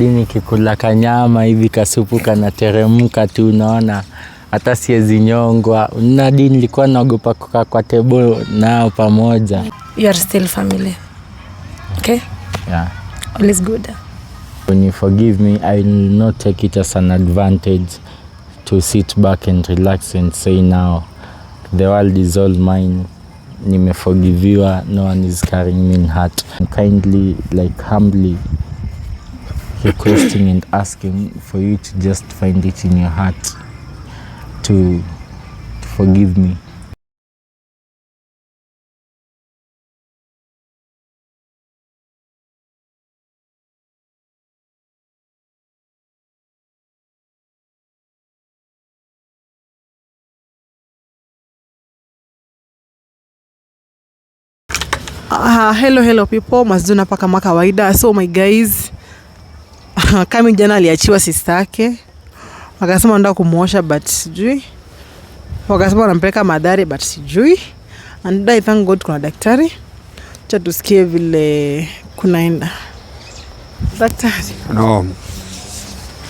hadi nikikula kanyama hivi kasupu kanateremka tu, unaona hata siezi nyongwa. Nadi nilikuwa naogopa kukaa kwa tebo nao pamoja. You are still family. Okay? Yeah. All is good. When you forgive me, I will not take it as an advantage to sit back and relax and say now the world is all mine. Nimeforgiviwa, no one is carrying me in heart. Kindly, like humbly requesting and asking for you to just find it in your heart to, to forgive me. Uh, hello hello people, mazuna paka ma kawaida. So my guys Kami jana aliachiwa sista yake, wakasema wanataka kumuosha but sijui, wakasema wanampeleka madhari but sijui, and I thank God kuna daktari. cha tusikie vile kunaenda daktari. No.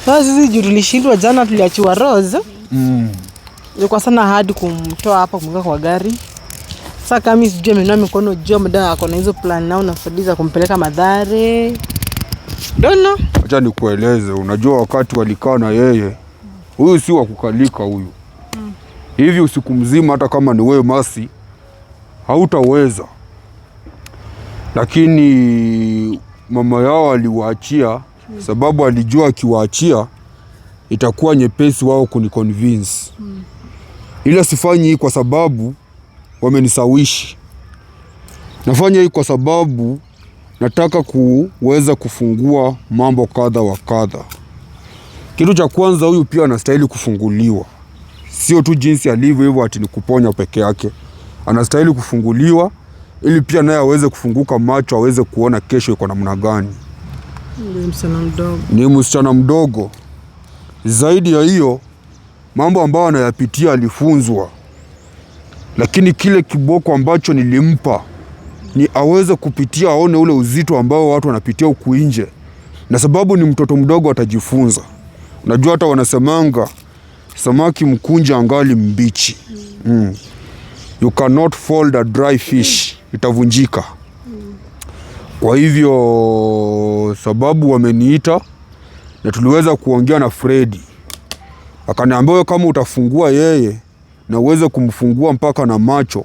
Sasa sisi juu tulishindwa jana, tuliachiwa Rose mm. Ilikuwa sana hadi kumtoa hapa kumweka kwa gari. Sasa kama sijui amenua mikono juu, mdada akona hizo plan nao, nafadiza kumpeleka madhare Dona, acha nikueleze. Unajua wakati walikaa na yeye, huyu si wa kukalika huyu. Mm. Hivi usiku mzima, hata kama ni wewe Masi hautaweza, lakini mama yao aliwaachia hmm. sababu alijua akiwaachia itakuwa nyepesi wao kuniconvince. Mm. Ila sifanyi hii kwa sababu wamenisawishi, nafanya hii kwa sababu nataka kuweza kufungua mambo kadha wa kadha. Kitu cha kwanza, huyu pia anastahili kufunguliwa, sio tu jinsi alivyo hivyo ati ni kuponya peke yake. Anastahili kufunguliwa ili pia naye aweze kufunguka macho, aweze kuona kesho iko namna gani. Ni msichana mdogo. Zaidi ya hiyo, mambo ambayo anayapitia alifunzwa, lakini kile kiboko ambacho nilimpa ni aweze kupitia, aone ule uzito ambao watu wanapitia huku nje, na sababu ni mtoto mdogo, atajifunza. Unajua hata wanasemanga samaki mkunja angali mbichi. Mm. You cannot fold a dry fish, itavunjika. Kwa hivyo sababu wameniita na tuliweza kuongea na Fredi akaniambia, kama utafungua yeye na uweze kumfungua mpaka na macho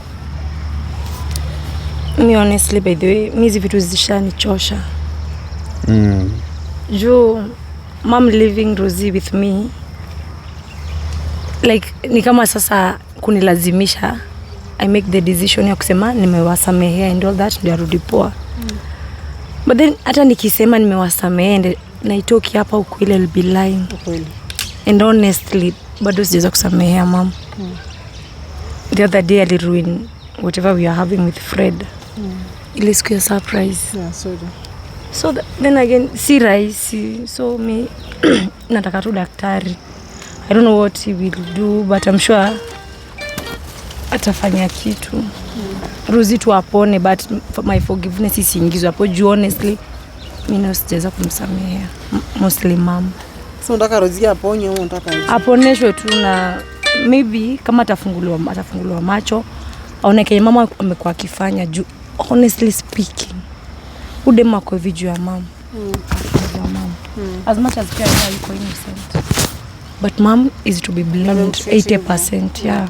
Mi honestly, by the way, mi hizi vitu zishanichosha mm. Juu mom living Rosie with me like ni kama sasa kunilazimisha I make the decision ya kusema nimewasamehea and all that ndio arudi poa mm. But then hata nikisema nimewasamehea naitoki hapa ukweli will be lying okay. And honestly bado sijaweza kusamehea mom mm. The other day aliruin whatever we are having with Fred mm. ile siku ya surprise yeah, So then again si rahisi so mi nataka tu daktari. I don't know what he will do but I'm sure atafanya kitu mm. tu apone but my forgiveness isiingizwe hapo juu honestly mimi sijaweza kumsamehea mostly mom. So nataka ruzi aponye au unataka aponeshwe tu na maybe kama atafunguliwa atafunguliwa macho aone kenye mama amekuwa akifanya juu honestly speaking udema kwa viju ya mm. mam mm. as much as yuko innocent but mom is to be blamed 80% yeah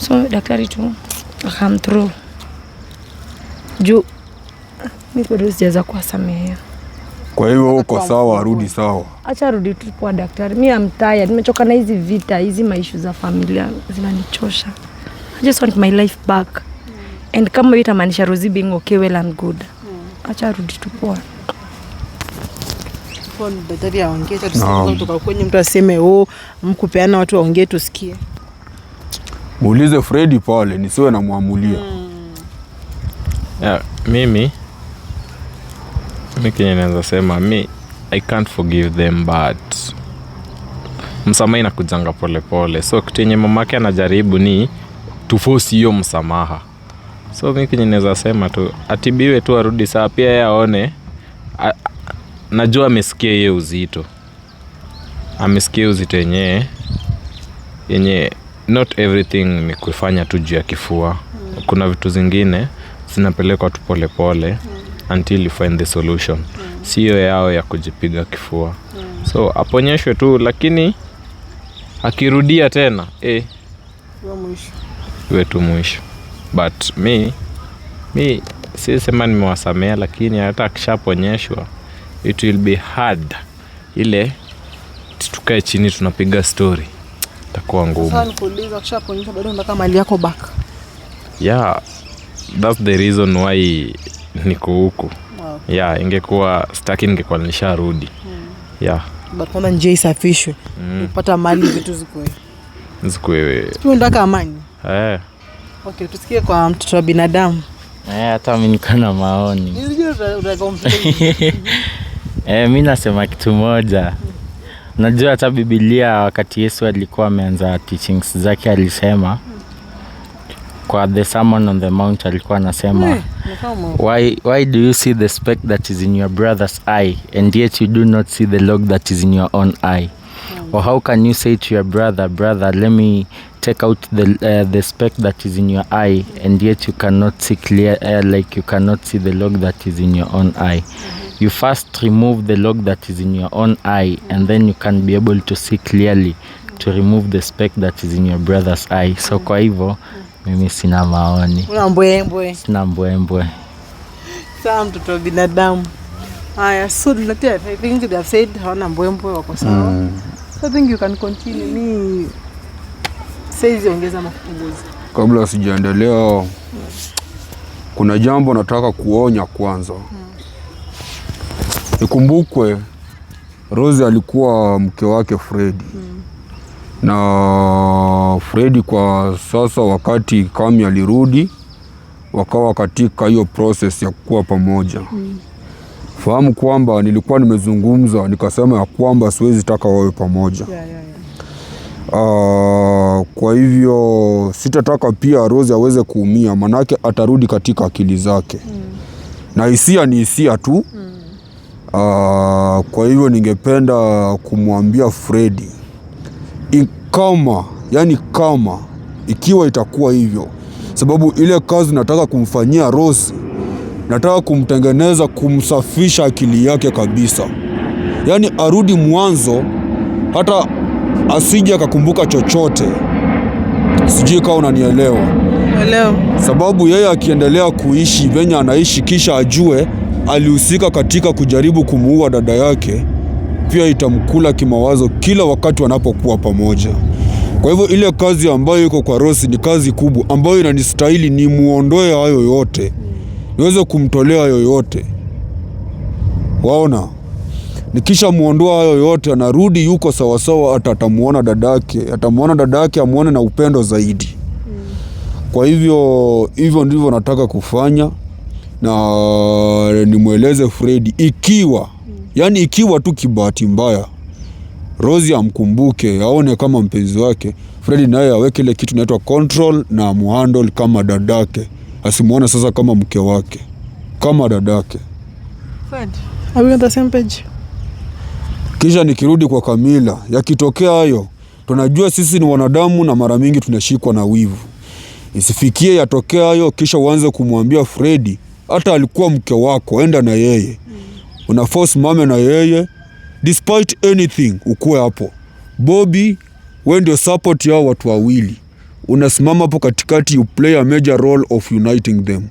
so daktari tu akamthrough juu mi bado sijaweza kuwasamehea kwa hiyo uko sawa, arudi sawa, acha arudi tu kwa daktari. Mi am tired, nimechoka na hizi vita, hizi maishu za familia zinanichosha. I just want my life back and kama hiyo itamaanisha Rozi being okay well and good, hmm. acha rudi tu poa. Kwenye mtu aseme oh, mkupeana watu waongee tusikie. Muulize Fredi pale, nisiwe namwamulia. Hmm. Yeah, mimi mi kenye naweza sema mi I can't forgive them but msamaha inakujanga polepole, so kitu yenye mamake anajaribu ni tufosi hiyo msamaha So mi kenye naweza sema tu atibiwe tu arudi saa, pia yeye aone. Najua amesikia hiye uzito, amesikia uzito yenyee yenye, not everything ni kufanya tu juu ya kifua. Kuna vitu zingine zinapelekwa tu polepole until you find the solution, siyo yao ya kujipiga kifua. So aponyeshwe tu, lakini akirudia tena eh, wetu mwisho but mi mi si sema nimewasamea, lakini hata akishaponyeshwa it will be hard ile tukae chini tunapiga story, takuwa ngumu. Sasa nikuuliza, akishaponyeshwa bado unataka mali yako back? Yeah, that's the reason why niko huku. Okay. Yeah, ingekuwa staki, ningekuwa nisharudi. Hmm. Yeah. But kama njia isafishwe, mm. Upata mali vitu zikuwe zikuwe, ndaka amani eh Yeah. Okay, tusikie kwa mtoto wa binadamu. Eh, hata mimi niko na maoni. Eh, mimi nasema kitu moja. Unajua hata Biblia wakati Yesu alikuwa ameanza teachings zake alisema kwa the sermon on the mount alikuwa anasema eh, why, why do you see the speck that is in your brother's eye and yet you do not see the log that is in your own eye? Hmm. Or how can you say to your brother, brother, let me take out the, uh, the speck that is in your eye and yet you cannot see clear uh, like you cannot see the log that is in your own eye you first remove the log that is in your own eye and then you can be able to see clearly to remove the speck that is in your brother's eye so kwa hivyo mimi sina maoni mbwembwe sina mbwembwe saa mtoto binadamu haya so i think they have said hawana mbwembwe wako sawa mm. i think you can continue me Saizi ongeza ama Kabla sijaendelea, hmm. kuna jambo nataka kuonya kwanza. hmm. Ikumbukwe Rose alikuwa mke wake Fredi. na Fredi kwa sasa, wakati Kami alirudi, wakawa katika hiyo proses ya kuwa pamoja. Fahamu kwamba nilikuwa nimezungumza nikasema ya kwamba siwezi taka wawe pamoja. yeah, yeah, yeah. Ah, kwa hivyo sitataka pia Rose aweze kuumia, manake atarudi katika akili zake mm. na hisia ni hisia tu mm. Uh, kwa hivyo ningependa kumwambia Fredi kama yani, kama ikiwa itakuwa hivyo, sababu ile kazi nataka kumfanyia Rose, nataka kumtengeneza, kumsafisha akili yake kabisa, yani arudi mwanzo hata asije akakumbuka chochote. Sijui kama unanielewa. Hello. Sababu yeye akiendelea kuishi venye anaishi, kisha ajue alihusika katika kujaribu kumuua dada yake, pia itamkula kimawazo kila wakati wanapokuwa pamoja. Kwa hivyo ile kazi ambayo iko kwa Rosi ni kazi kubwa ambayo inanistahili nimuondoe hayo yote, niweze kumtolea yoyote, waona nikisha muondoa hayo yote, anarudi yuko sawasawa, hata atamuona dadake, atamuona dadake, amuone na upendo zaidi. Kwa hivyo hivyo ndivyo nataka kufanya, na nimweleze Fredi ikiwa yani, ikiwa tu kibahati mbaya Rozi amkumbuke aone kama mpenzi wake, Fredi naye aweke ile kitu inaitwa control na muhandle kama dadake, asimuone sasa kama mke wake, kama dadake Fred, are we on the same page? Kisha nikirudi kwa Kamila, yakitokea hayo, tunajua sisi ni wanadamu na mara mingi tunashikwa na wivu. Isifikie yatokea hayo, kisha uanze kumwambia Fredi hata alikuwa mke wako, enda na yeye, una force mame na yeye despite anything, ukuwe hapo. Bobby, we ndio support yao watu wawili, unasimama hapo katikati, you play a major role of uniting them.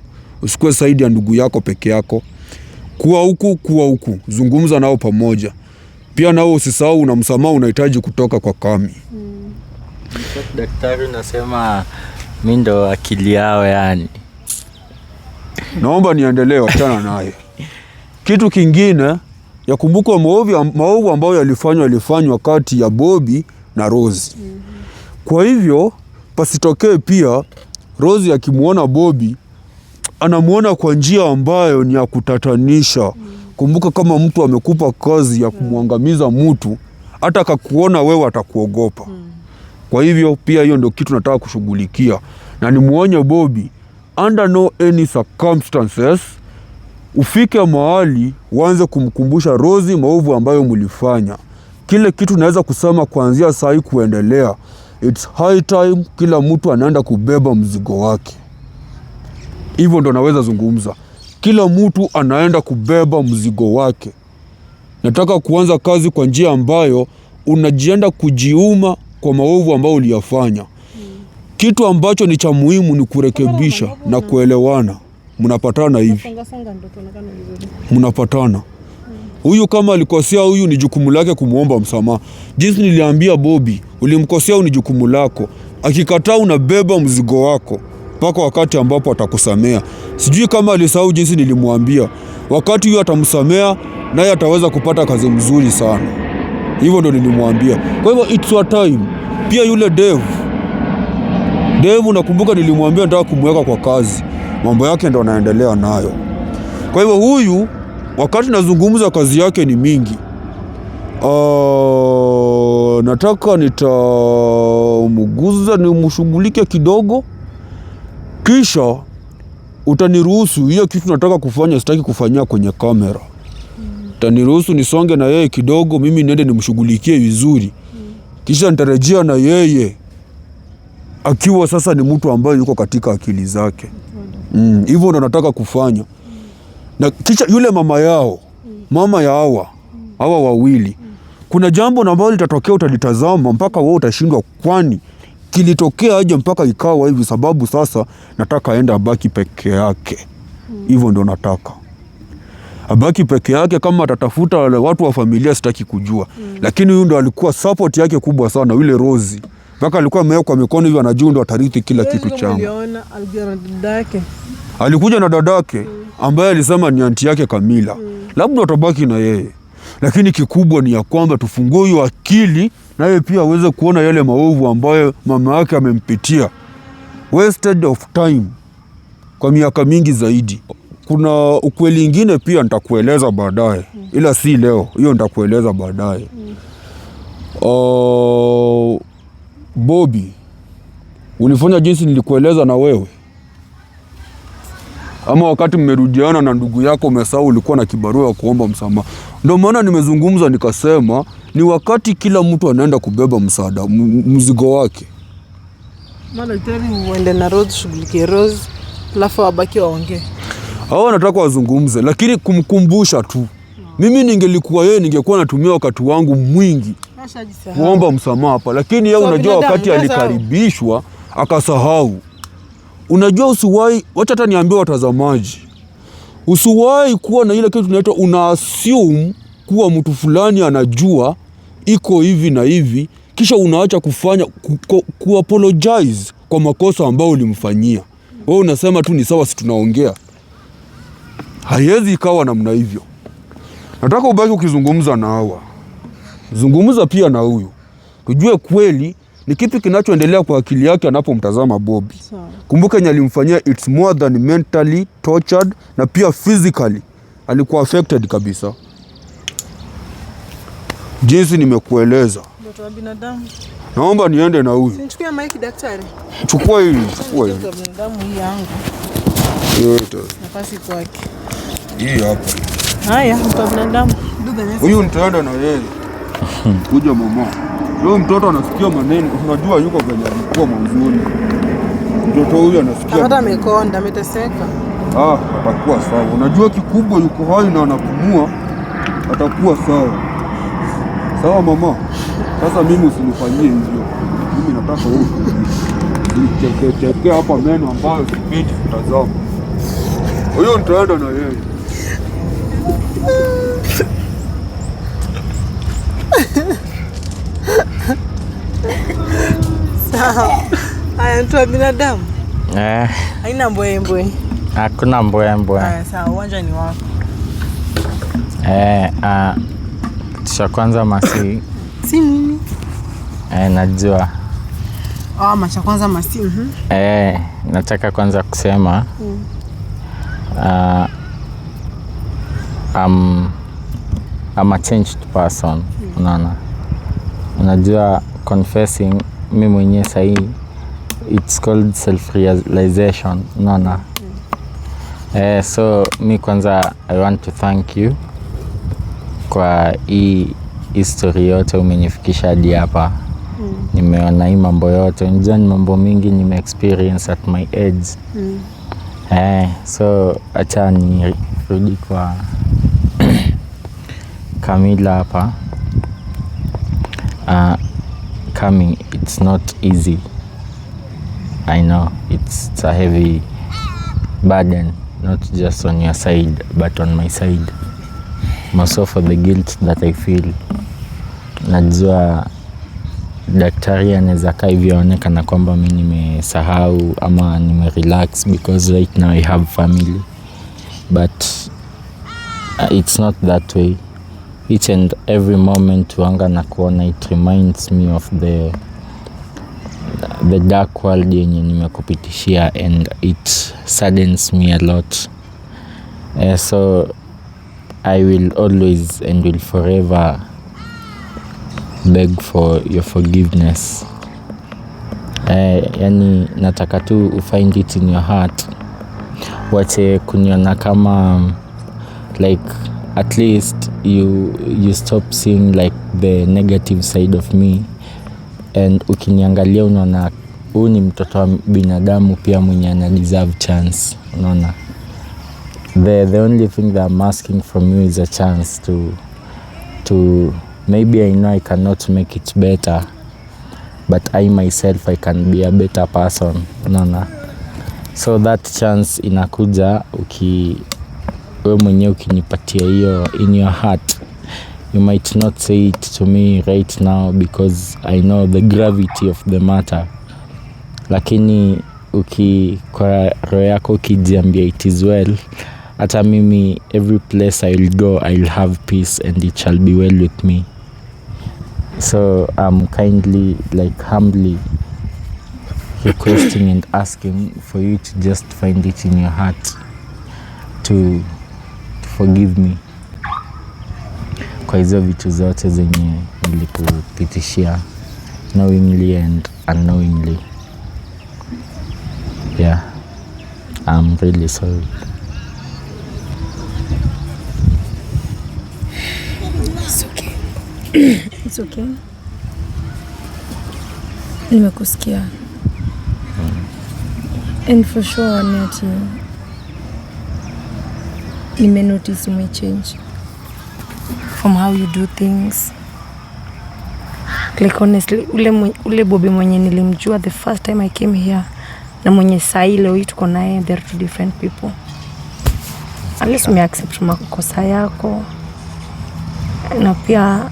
Usikuwe saidi ya ndugu yako peke yako, kuwa huku kuwa huku, zungumza nao pamoja. Pia nao usisahau una msamaha unahitaji kutoka kwa kami. Mm. Daktari nasema mi ndo akili yao yani. Naomba niendelee, wachana naye. Kitu kingine yakumbukwa maovu ambayo yalifanywa yalifanywa kati ya Bobi na rozi hmm. Kwa hivyo pasitokee pia rozi akimwona Bobi anamwona kwa njia ambayo ni ya kutatanisha. Mm. Kumbuka kama mtu amekupa kazi ya mm. kumwangamiza mtu, hata akakuona wewe atakuogopa. Mm. Kwa hivyo pia hiyo ndio kitu nataka kushughulikia, na nimwonye Bobi, under no any circumstances ufike mahali uanze kumkumbusha Rozi maovu ambayo mlifanya. Kile kitu naweza kusema kuanzia saa hii kuendelea, it's high time kila mtu anaenda kubeba mzigo wake. Hivyo ndo naweza zungumza. Kila mtu anaenda kubeba mzigo wake. Nataka kuanza kazi kwa njia ambayo unajienda kujiuma kwa maovu ambayo uliyafanya. Hmm. Kitu ambacho ni cha muhimu ni kurekebisha na kuelewana. Mnapatana hivi, mnapatana hmm. huyu kama alikosea huyu, ni jukumu lake kumwomba msamaha. Jinsi niliambia Bobi, ulimkosea, ni jukumu lako. Akikataa, unabeba mzigo wako mpaka wakati ambapo atakusamea. Sijui kama alisahau jinsi nilimwambia, wakati huyo atamsamea, naye ataweza kupata kazi mzuri sana. Hivyo ndo nilimwambia. Kwa hivyo it's your time. Pia yule dev dev, nakumbuka nilimwambia nataka kumweka kwa kazi, mambo yake ndo anaendelea nayo. Kwa hivyo huyu, wakati nazungumza, kazi yake ni mingi. Uh, nataka nitamguza nimshughulike kidogo. Kisha utaniruhusu hiyo kitu nataka kufanya, sitaki kufanyia kwenye kamera mm. Utaniruhusu nisonge na yeye kidogo, mimi niende nimshughulikie vizuri mm. Kisha nitarejea na yeye akiwa sasa ni mtu ambaye yuko katika akili zake mm. Hivyo ndo nataka kufanya mm. Na kisha yule mama yao mama ya hawa hawa wawili mm. Kuna jambo ambalo litatokea, utalitazama mpaka wewe utashindwa, kwani kilitokea aje mpaka ikawa hivi? Sababu sasa nataka aende abaki peke yake, hivyo ndio nataka abaki peke yake. Kama atatafuta watu wa familia sitaki kujua mm. Lakini huyu ndo alikuwa support yake kubwa sana, yule Rozi mpaka alikuwa amewekwa mikono hivyo, anajua ndo atarithi kila kitu changu. Alikuja na dadake ambaye alisema ni anti yake Kamila mm. Labda atabaki na yeye, lakini kikubwa ni ya kwamba tufungue huyo akili naye pia aweze kuona yale maovu ambayo mama yake amempitia. Wasted of time kwa miaka mingi zaidi. Kuna ukweli ingine pia nitakueleza baadaye, hmm. ila si leo, hiyo nitakueleza baadaye. Hmm. Uh, Bobi, ulifanya jinsi nilikueleza na wewe ama wakati mmerudiana na ndugu yako umesahau ulikuwa na kibarua ya kuomba msamaha. Ndio maana nimezungumza nikasema ni wakati kila mtu anaenda kubeba msaada mzigo wake. Uende na Rose, shughulikie Rose, alafu wabaki waongee. Hao wazungumze, lakini kumkumbusha tu Mimi ningelikuwa yeye ningekuwa natumia wakati wangu mwingi kuomba msamaha hapa, lakini yeye so, unajua wakati alikaribishwa akasahau. Unajua usiwai wacha hata niambie watazamaji, usiwai kuwa na ile kitu tunaitwa una assume kuwa mtu fulani anajua iko hivi na hivi, kisha unaacha kufanya ku, ku, ku apologize kwa makosa ambayo ulimfanyia wewe. Unasema tu ni sawa, si tunaongea. Haiwezi ikawa namna hivyo. Nataka ubaki ukizungumza na hawa, zungumza pia na huyu, tujue kweli ni kipi kinachoendelea kwa akili yake anapomtazama Bobby. Kumbuka yenye alimfanyia it's more than mentally tortured, na pia physically alikuwa affected kabisa. Jinsi nimekueleza, mtoto binadamu. Naomba niende na huyu. Nichukue maiki daktari. Chukua hii, chukua hii. Damu hii yangu. Yote. Nafasi kwake. Hii hapa. Haya, mtoto binadamu. Huyu nitaenda na yeye kuja mama, leo mtoto anasikia maneno, unajua yuko kwenye alikuwa mwanzoni. Mtoto huyu anasikia hata amekonda, ameteseka. Ah, atakuwa sawa. Unajua kikubwa yuko hai na anapumua, atakuwa sawa sawa. Mama, sasa mimi usinifanyie hivyo, mimi nataka nichekecheke hapa meno ambayo sipiti kutazama. Huyo nitaenda na yeye Haya, mtu wa binadamu eh, haina mbwembwe, hakuna mbwembwe. Sawa, uwanja ni wako eh. Ah, cha kwanza masi si mimi eh, najua ah, ama cha kwanza masi mhm. eh, nataka kwanza kusema mm. Uh, I'm, I'm a changed person mm. Unaona, unajua confessing mi mwenyewe sahii, it's called self realization, unaona eh. So mi kwanza, I want to thank you kwa hii history yote, umenifikisha hadi hapa mm. Nimeona hii mambo yote, unajua ni mambo mingi nime experience at my age mm. Eh, so acha nirudi kwa Kamila hapa uh, coming it's not easy I know it's, it's a heavy burden not just on your side but on my side also for the guilt that I feel najua daktari anaweza kaa hivyo aonekana kwamba mi nimesahau ama nimerelax because right now I have family but uh, it's not that way each and every moment wanga na kuona, it reminds me of the the dark world yenye nimekupitishia and it saddens me a lot uh, so I will always and will forever beg for your forgiveness uh, yani nataka tu ufind it in your heart, wache kuniona kama like at least you, you stop seeing like the negative side of me and ukiniangalia unaona huu ni mtoto wa binadamu pia mwenye ana deserve chance, unaona. The, the only thing that I'm asking from you is a chance to, to maybe I know I cannot make it better but I myself I can be a better person, unaona. So that chance inakuja uki wewe mwenyewe ukinipatia hiyo in your heart you might not say it to me right now because I know the gravity of the matter, lakini uki kwa roho yako ukijiambia it is well, hata mimi every place I'll go I'll have peace and it shall be well with me. So I'm kindly like humbly requesting and asking for you to just find it in your heart to forgive me kwa hizo vitu zote zenye nilikupitishia knowingly and unknowingly. Yeah, I'm really sorry. It's okay. It's okay. Nimekusikia. Mm. And for sure I'll nime notice my change from how you do things like honestly, ule, ule Bobi mwenye nilimjua the first time I came here na mwenye sahi leo hii tuko naye, there are two different people. At least ume accept makosa yako, na pia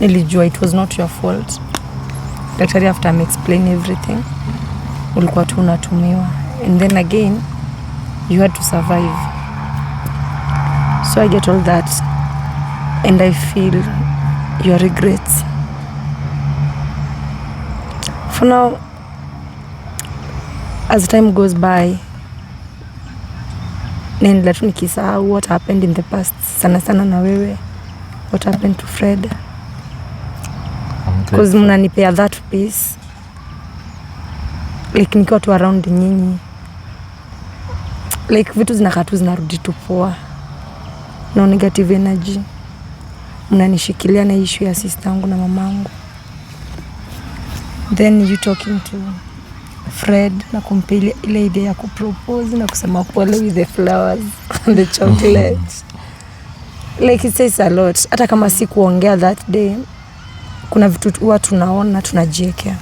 nilijua it was not your fault. Daktari after I explain everything, ulikuwa tu unatumiwa and then again you had to survive So I get all that and I feel your regrets. For now, as time goes by, naendelea tu nikisahau what happened in the past, sana sana na wewe, what happened to Fred, because mnanipea that peace like nikiwa tu around nyinyi, like vitu zinakaa tu zinarudi tu poa no negative energy, mnanishikilia na ishu ya sister yangu na mamangu, then you talking to Fred na kumpa ile idea ya kupropose na kusema pole with the flowers and the chocolate like it says a lot. Hata kama si kuongea that day, kuna vitu huwa tunaona tunajiekea,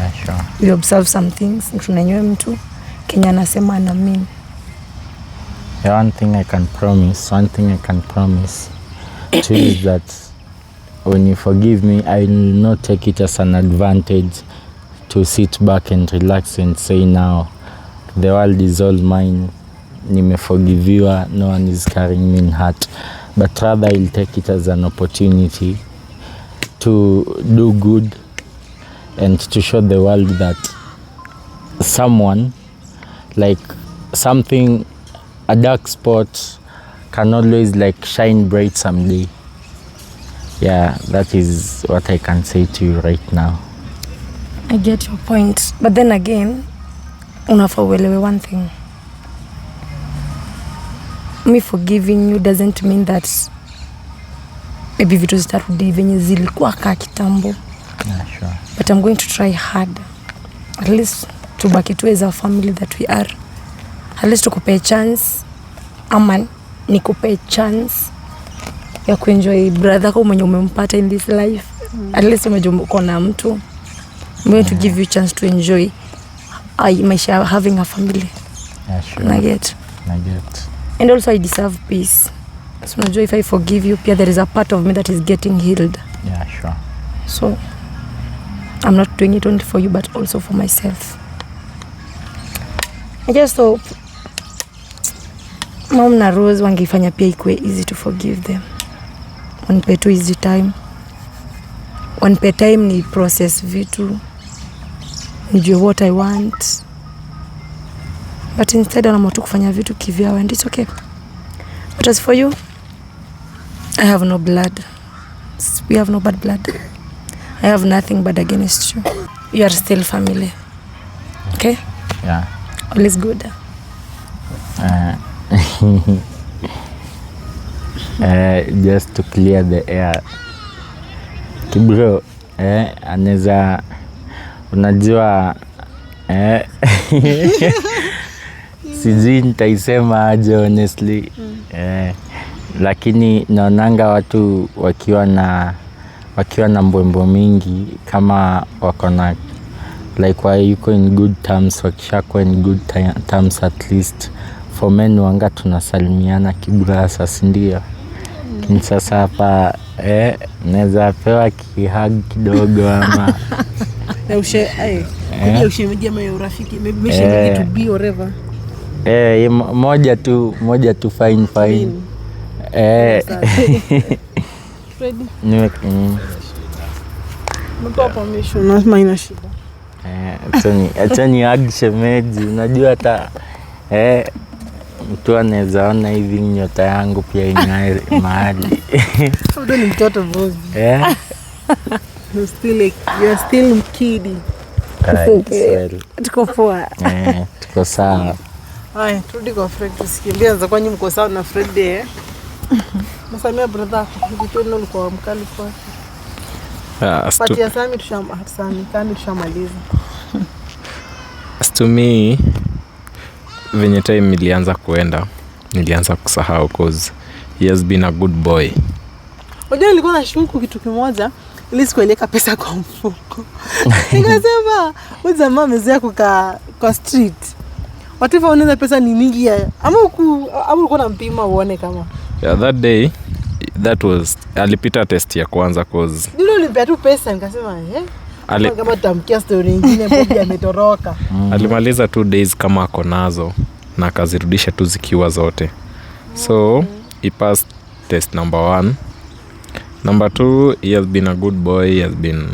yeah, sure. We observe some things, tunanywe mtu Kenya anasema ana mean One thing I can promise, one thing I can promise to you is that when you forgive me, I will not take it as an advantage to sit back and relax and say now the world is all mine, nimeforgiviwa, ah, no one is carrying me in heart, but rather I'll take it as an opportunity to do good and to show the world that someone like something a dark spot can always like shine bright someday. Yeah, that is what I can say to you right now. I get your point, but then again, unafaa uelewe one thing. Me forgiving you doesn't mean that maybe vitu zitarudi venye zilikuwa kaa kitambo. But I'm going to try hard. At least tubaki tu as a family that we are at least chance ama nikupee chance ya kuenjoy brother kwa mwenye umempata in this life mm. at least umejumuka na mtu mwenye to give you chance to enjoy I, uh, maisha having a family yeah, sure. na get na get and also I deserve peace so unajua if I forgive you pia there is a part of me that is getting healed yeah, sure. so I'm not doing it only for you but also for myself I just hope Mom na Rose wangeifanya pia ikuwe easy to forgive them. Wanipe tu easy time, wanipe time ni process vitu, nijue what I want, but instead wanaamua tu kufanya vitu kivyao and it's okay. But as for you, I have no blood. We have no bad blood. I have nothing bad against you. You are still family. Okay? Yeah. All is good. Uh, eh, just to clear the air kibro eh, anaweza unajua eh, sijui nitaisema aje honestly mm. eh, lakini naonanga watu wakiwa na wakiwa na mbwembo mingi kama wako na like wayuko in good terms, wakishakuwa in good terms at least fomeni wanga tunasalimiana kibrasa, si ndio? Lakini sasa hapa eh, naweza pewa kihag kidogo ama Eh, eh moja tu moja tu fine fine. Eh. eh Achani ag shemeji, unajua hata eh mtu anaweza ona hivi nyota yangu pia ing'ae mahali. Bado ni mtoto Bobby. Eh? Tuko poa. Eh, tuko sawa. Haya, turudi kwa Fred tusikimbie anza kwa nyumba sawa na Fred eh. Msamia brother, ukitona ulikuwa mkali kwa. Ah, Patia Sami tushamaliza. As venye time nilianza kuenda nilianza kusahau cause he has been a good boy unajua nilikuwa na shuku kitu kimoja ili sikueleka pesa kwa mfuko nikasema huyu jamaa amezoea kukaa kwa street whatever unaweza pesa ni mingi ya ama uku ama uko na mpima uone kama yeah, that day that was alipita test ya kwanza cause yule ulimpea tu pesa nikasema eh ametoroka mm. alimaliza two days kama ako nazo na akazirudisha tu zikiwa zote so mm. he passed test number one number two he has been a good boy he has been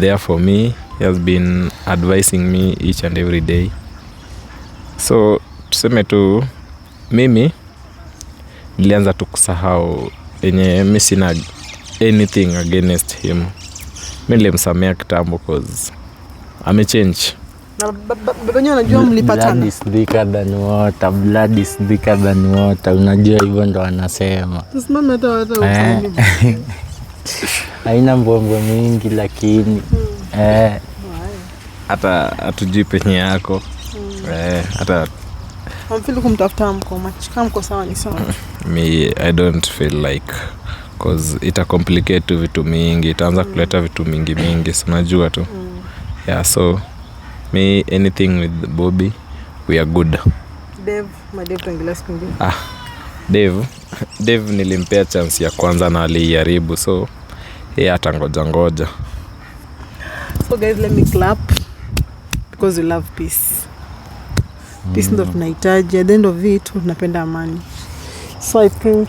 there for me he has been advising me each and every day so tuseme tu mimi nilianza tu kusahau enye mi sina anything against him mi nilimsamia kitambo cause amechange unajua hivyo ndo wanasema eh. mbombo mingi lakini hmm. eh. hata hatujui penye yako hmm. eh, hata mi i don't feel like cause ita complicate tu vitu mingi itaanza kuleta mm. vitu mingi mingi sinajua tu mm. yeah so me anything with bobby we are good Dave, ah, nilimpea chance ya kwanza na aliiharibu so ye yeah, atangoja ngoja so guys let me clap because we love peace peace mm. ndo tunahitaji at the end of it amani so i think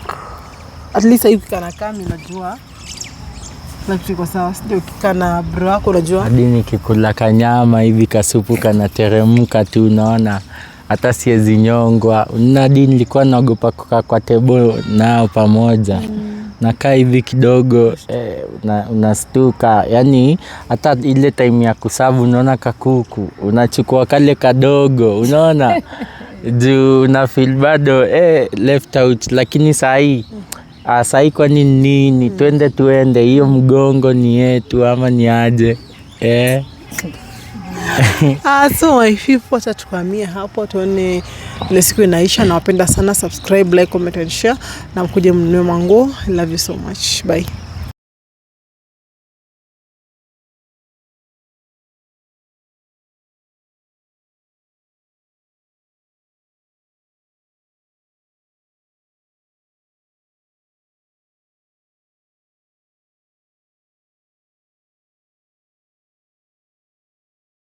at least hii ukikana kami unajua sawa, sio ukikana bro wako unajua. Hadi nikikula kanyama hivi kasupu kanateremka tu, unaona hata siezinyongwa nyongwa. Nadi nilikuwa naogopa kukaa kwa tebo nao pamoja mm. Nakaa hivi kidogo eh, unastuka una yani, hata ile taimu ya kusavu unaona kakuku unachukua kale kadogo, unaona juu una feel bado eh, left out, lakini sahii mm. Ah, Sahii kwani nini? Hmm. Twende tuende, hiyo hmm. mgongo ni yetu ama ni aje eh? Ah, so waififu, wacha tukuhamia hapo, tuone ile siku inaisha. Nawapenda sana, subscribe, like, comment and share, na mkuje mnunue manguo. Love you so much, bye.